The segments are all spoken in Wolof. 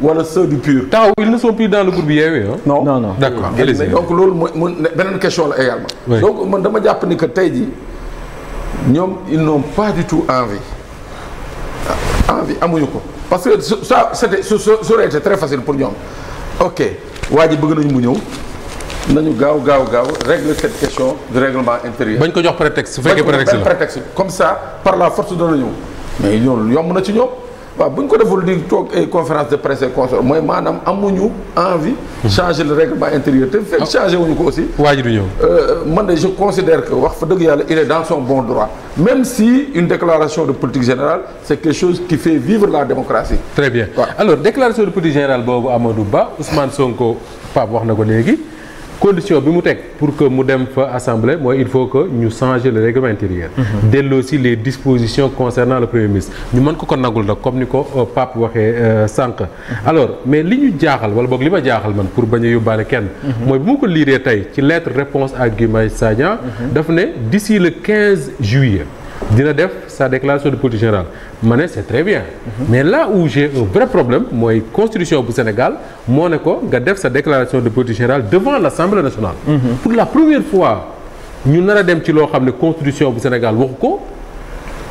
wala ceux du PUR. taxaw ils ne sont plus dans le groupe Yewwi hein. non non non d'accord allez-y donc loolu mooy mun beneen question la également. Oui. donc man dama jàpp ni que tey jii ñoom ils n'ont pas du tout envie envie amuñu ko parce que su ça c'était su su aurait été très facile pour ñoom ok waa ji bëgg nañu mu ñëw. nañu gaaw gaaw gaaw régler cette question de règlement intérieur. bañ ko jox prétexte su fekkee prétexte la comme ça par la force dana ñëw mais ñoom yomb na ci ñoom. waaw bu ñu ko deful di toog ay conférence de presse et consort mooy maanaam amuñu envie. changer le règlement intérieur te fekk ah. changé wuñu ko aussi. waa ji du ñëw. Euh, man de je considère que wax fa dëgg yàlla il est dans son bon droit même si une déclaration de politique générale c'est quelque chose qui fait vivre la démocratie. très bien ouais. alors déclaration de politique générale boobu Amadou Ba Ousmane Sonko Pape wax na ko léegi. condition bi mu teg pour que mu dem fa assemblée mooy il faut que ñu changer le règlement intérieur mhm. delloo si les dispositions concernant le premier ministre ñu man ko ko nagul nag comme ni ko euh, Pape waxee euh, sànq mhm. alors mais li ñu jaaxal wala boog li ma jaaxal man pour ba a yóbbaale kenn mhm. mooy bu ma ko liiree tey ci lettre réponse à Guy Marius Sagna daf ne d'ici le 15 juillet dina def sa déclaration de politique générale ma ne c'est très bien mhm. mais là où j'ai un vrai problème mooy constitution bu Sénégal moo ne ko nga def sa déclaration de politique générale devant l'Assemblée nationale mhm. pour la première fois ñu nar a dem ci loo xam ne constitution bu Sénégal waxu ko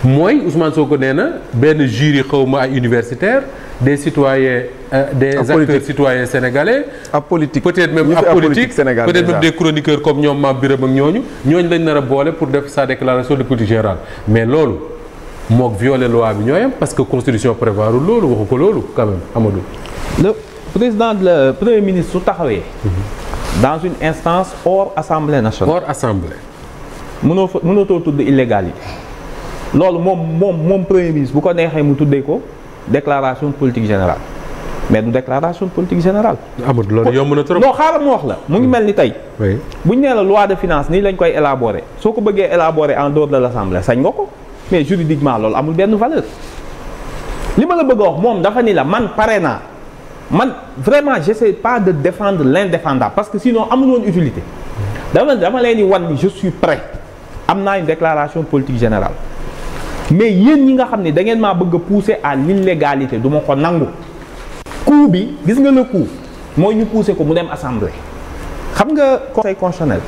mooy Ousmane Sonko nee na benn jury xaw ma ay universitaire des citoyens euh, des acteurs citoyens sénégalais ab politique peut-être même ab politique Sénégal peut-être même des chroniqueurs comme ñoom Mame Birame ak ñooñu ñooñu lañ nar a boole pour def sa déclaration de politique générale mais loolu mook violer loi bi ñooyam parce que constitution prévoirul loolu waxu ko loolu quand même Amadou le président la premier ministre su taxawee mhm. dans une instance hors assemblée nationale hors assemblée mënoo mënoo too loolu moom moom moom premier ministre bu ko neexee mu tuddee ko déclaration politique général mais du déclaration politique général amul loolu yomb na trop. non xaaral mu wax la mu ngi mel ni tey. oui bu ñu nee la loi de finance nii lañ koy élaborer soo ko bëggee élaborer en dehors de l'assemblée sañ nga ko mais juridiquement loolu amul benn valeur. li ma la bëgg a wax moom dafa ni la man pare naa man vraiment j'essaie pas de défendre l'indéfendable parce que sinon amul woon utilité dama dama leen wan ni je suis am naa une déclaration politique générale. mais yéen ñi nga xam ne dangeen ngeen maa bëgg a pousser à l'illégalité du ma ko nangu coup bi gis nga le coup mooy ñu pousser ko mu dem assemblée xam nga conseil constitutionnel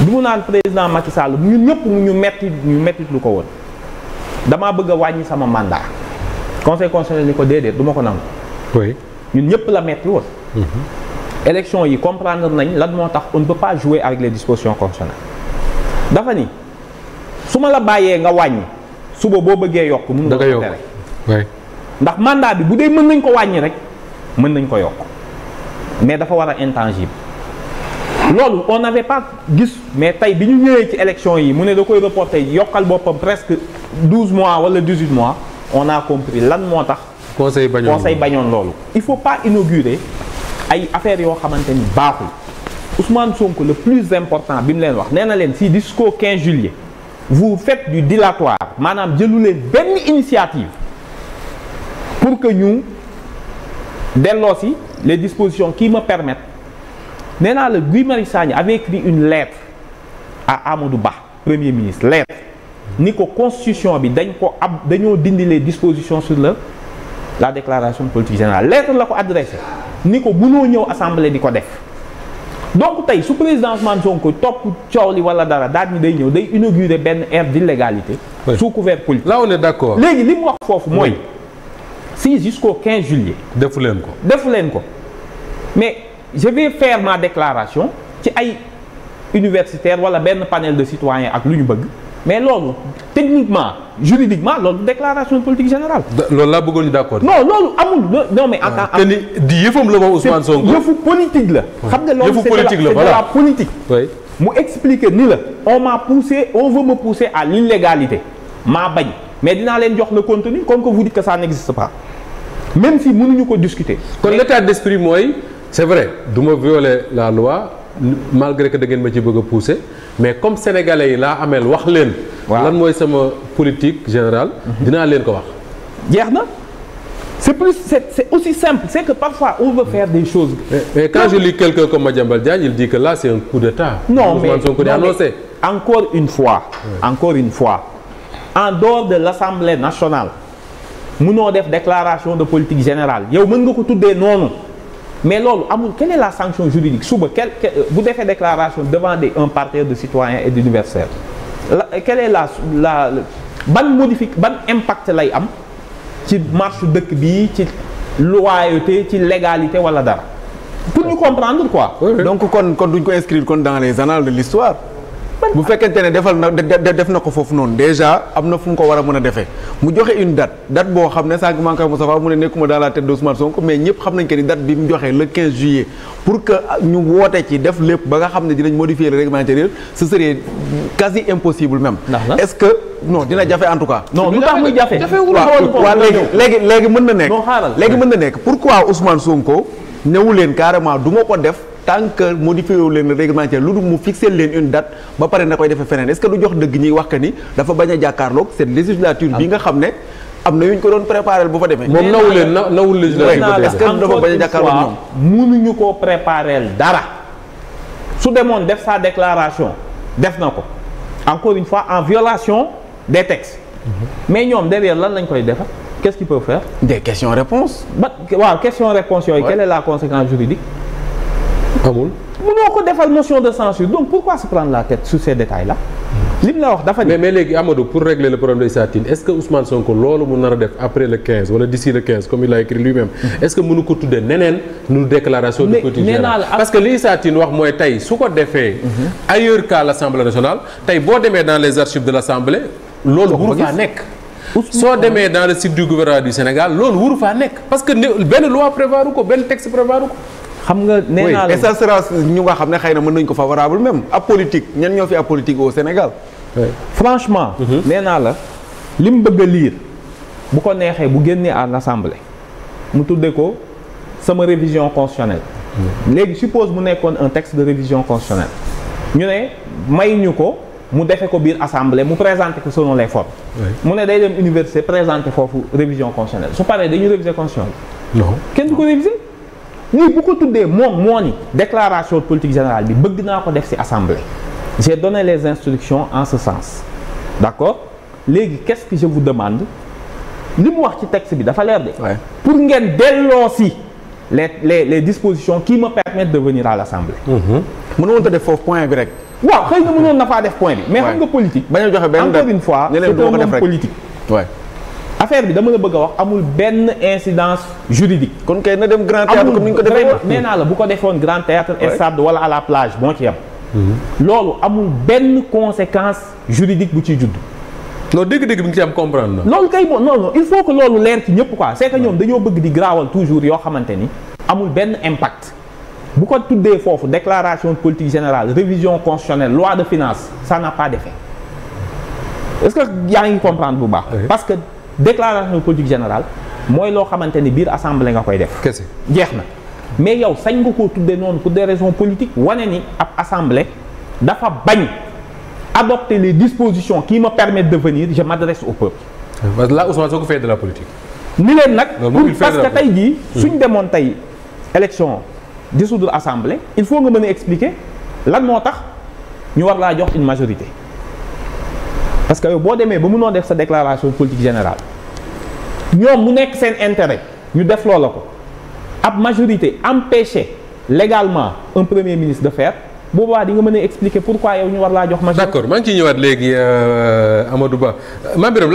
bi mu naan président Macky Sall ñun ñëpp ñu metti ñu metti lu ko woon damaa bëgg wàññi sama mandat conseil constitutionnel ni ko déedéet du ma ko nangu. oui ñun ñëpp la metti woon. Mm-hmm. élection yi comprendre nañ lan moo tax on ne peut pas jouer avec les dispositions constitutionnelles dafa ni su ma la bàyyee nga wàññi. suba boo bëggee yokk mun nga ko tere ndax mandat bi bu dee mën nañ ko wàññi rek mën nañ ko yokk mais dafa war a intangible loolu on n'avait pas gis mais tey bi ñu ñëwee ci élection yi mu ne da koy reporté yokkal boppam presque douze mois wala dix huit mois on a compris lan moo tax conseil bañoon loolu il faut pas inaugurer ay affaires yoo xamante ni baaxul Ousmane Sonko le plus important bi mu leen wax nee na leen si discours 15 juillet vous faites du dilatoire maanaam jëlu leen benn initiative pour que ñu delloo delloosi les dispositions qui ma permettent nee naa la Guy Marius Sagna avait écrit une lettre à du Ba premier ministre lettre ni ko constitution bi dañ ko ab dañoo dindi les dispositions sur le la déclaration politique générale lettre la ko adressé ni ko mënoo ñëw assemblée di ko def donc tey su président Ousmane Sonko topp coow li wala dara daal di day ñëw day inaugurer benn ère d'illégalité sous couvert politique là on d d'accord léegi li mu wax foofu mooy si jusqu'au 15 juillet defu leen ko defu ko mais je vais faire ma déclaration ci ay universitaire wala benn panel de citoyens ak lu ñu bëgg mais loolu techniquement juridiquement loolu déclaration politique générale. loolu laa bëggoon ñu d'accord. non loolu amul non mais. Ah, en tant di yëfam la moom Ousmane Sonko. yëfu politique la. xam nga loolu c'est de la politique. oui mu expliquer ni la. on m'a poussé on veut me pousser à l'illégalité maa bañ mais dinaa leen jox le contenu comme que vous dites que ça n'existe pas même si mënuñu ko discuter. kon l'état d'esprit mooy c'est vrai du ma violer la loi. malgré que da ma ci bëgg a mais comme sénégalais yi laa ameel wax leen. lan mooy sama politique général mhm. dinaa leen ko wax. jeex na c'est plus c'est, c'est aussi simple c'est que parfois on veut faire des choses. mais, mais quand non. je lis quelqu'un comme Madiambal Diagne il dit que là c'est un coup d'état. non mais Sonko di annoncé. encore une fois. Ouais. encore une fois en dehors de l'Assemblée nationale mënoo def déclaration de politique général yow mën nga ko tuddee noonu. mais loolu amul quelle est la sanction juridique suba quel bu defee déclaration devant des un parterre de citoyens et d'universitaires la quelle est la la ban modifi ban impact lay am ci marche dëkk bi ci loyauté ci légalité wala dara pour ñu comprendre quoi donc kon kon duñ ko inscrire kon dan les annales de l'histoire bu fekkente ne defal na def na ko foofu noonu déjà am na fu mu ko war a mën a defee mu joxe une date date boo xam ne sànq maa ngi koy Moustapha mu ne nekkuma dans la tête d'Ousmane Sonko mais ñëpp xam nañ que ni date bi mu joxe le 15 juillet pour que ñu woote ci def lépp ba nga xam ne dinañ modifier le règlement intérieur ce serait quasi impossible même. est-ce que non dina jafe en tout cas. non lu tax muy jafe waaw léegi léegi léegi mën na nekk. léegi mën na nekk pourquoi Ousmane Sonko ñëwu leen carrément du ma ko def. tant que modifié wu leen réglementaire lu dul mu fixé leen une date ba pare na koy defee feneen est-ce que du jox dëgg ñuy wax que ni dafa bañ a jàkkaarloog cette législature bi nga xam ne am na yu ñu ko doon préparé bu fa defee. moom nawu leen na nawul législature ba est-ce que dafa bañ a jàkkaarloog ñoom koo préparé dara su demoon def sa déclaration def na ko encore une fois en violation des textes mhm. mais ñoom derrière lan lañ koy defar qu'est-ce qu'ils peuvent faire. des questions réponses. ba waaw question réponse yooyu. quelle est la conséquence juridique. amul mënoo ko defal motion de censure donc pourquoi se prendre la tête sur ces détails là. li mu la wax dafa. mais mais léegi Amadou pour régler le problème de Issa est-ce que Ousmane Sonko loolu mu nar a def après le 15 wala d'ici le 15 comme il a écrit lui-même est-ce que mënu ko tuddee neneen nu déclaration de politique générale parce que li Issa wax mooy tey su ko defee. Mhm. ailleurs qu'à l'Assemblée nationale tey boo demee dans les archives de l'Assemblée. loolu wuru faa nekk. soo demee dans le site du gouvernement du faa nekk parce que benn loi prévoiru ko benn texte ko. xam nga nee naa la et ça xam ne xëy na mën nañu ko favorable même apolitique ñan ñoo fi apolitique au Sénégal. franchement. Mhm. nee naa la li mu bëgg a liir bu ko neexee bu génnee à l'assemblée mu tuddee ko sama révision constitutionnelle. Mhm. léegi suppose mu nekkoon un texte de révision constitutionnelle ñu ne may ñu ko mu defee ko biir assemblée mu présenter ko selon les formes. mu ne day dem université présenter foofu révision constitutionnelle su paree dañu réviser constitution lii bu ko tuddee moom moo ni déclaration politique général bi bëgg naa ko def ci assemblée j'ai donné les instructions en ce sens d'accord léegi qu'est-ce que je vous demande li mu wax ci texte bi dafa leer pour ngeen delloo si les les les dispositions qui me permettent de venir à l'assemblée mm-hmm. mënoon ta def foofu point bi rek waaw xëy na mënoon na faa def point bi mais xam nga politique bañ une fois c'est un homme politique affaire bi dama la bëgg a wax amul benn incidence juridique. kon kay na dem grand théâtre comme ni ñu ko defee amul nee naa la bu ko defoon grand théâtre stade wala à la plage moo ci yem. Mhm. loolu amul benn conséquence juridique bu ciy judd. non dégg-dégg bu nga ci am comprendre la loolu kay moom non non il faut que loolu leer ci ñëpp quoi c'est que ñoom dañoo bëgg di graawal toujours yoo xamante ni. amul benn impact. bu ko tuddee foofu déclaration de politique générale révision constitutionnelle loi de finance ça n'a pas d'effet est-ce yaa ngi comprendre bu baax. parce que. déclaration de général mooy loo xamante ni biir assemblée nga koy def. kese jeex na mais yow sañ nga koo tuddee noonu pour des raisons politiques wane ni ab assemblée dafa bañ adopter les dispositions qui ma permettent de venir je m'adresse au peuple. parce que là Ousmane Sonko de la politique. ni leen nag. parce que tey jii hmm. suñ demoon tey élection dissoudre assemblée il faut nga mën a expliquer lan moo tax ñu war laa jox une majorité. parce que boo demee ba mënoo def sa déclaration politique générale ñoom mu nekk seen intérêt ñu def loola ko ab majorité empêcher légalement un premier ministre de faire boobaa di nga mën a expliquer pourquoi yow ñu war laa jox majorité. d'accord maa ci ñëwaat léegi euh, Amadou Ba euh, maa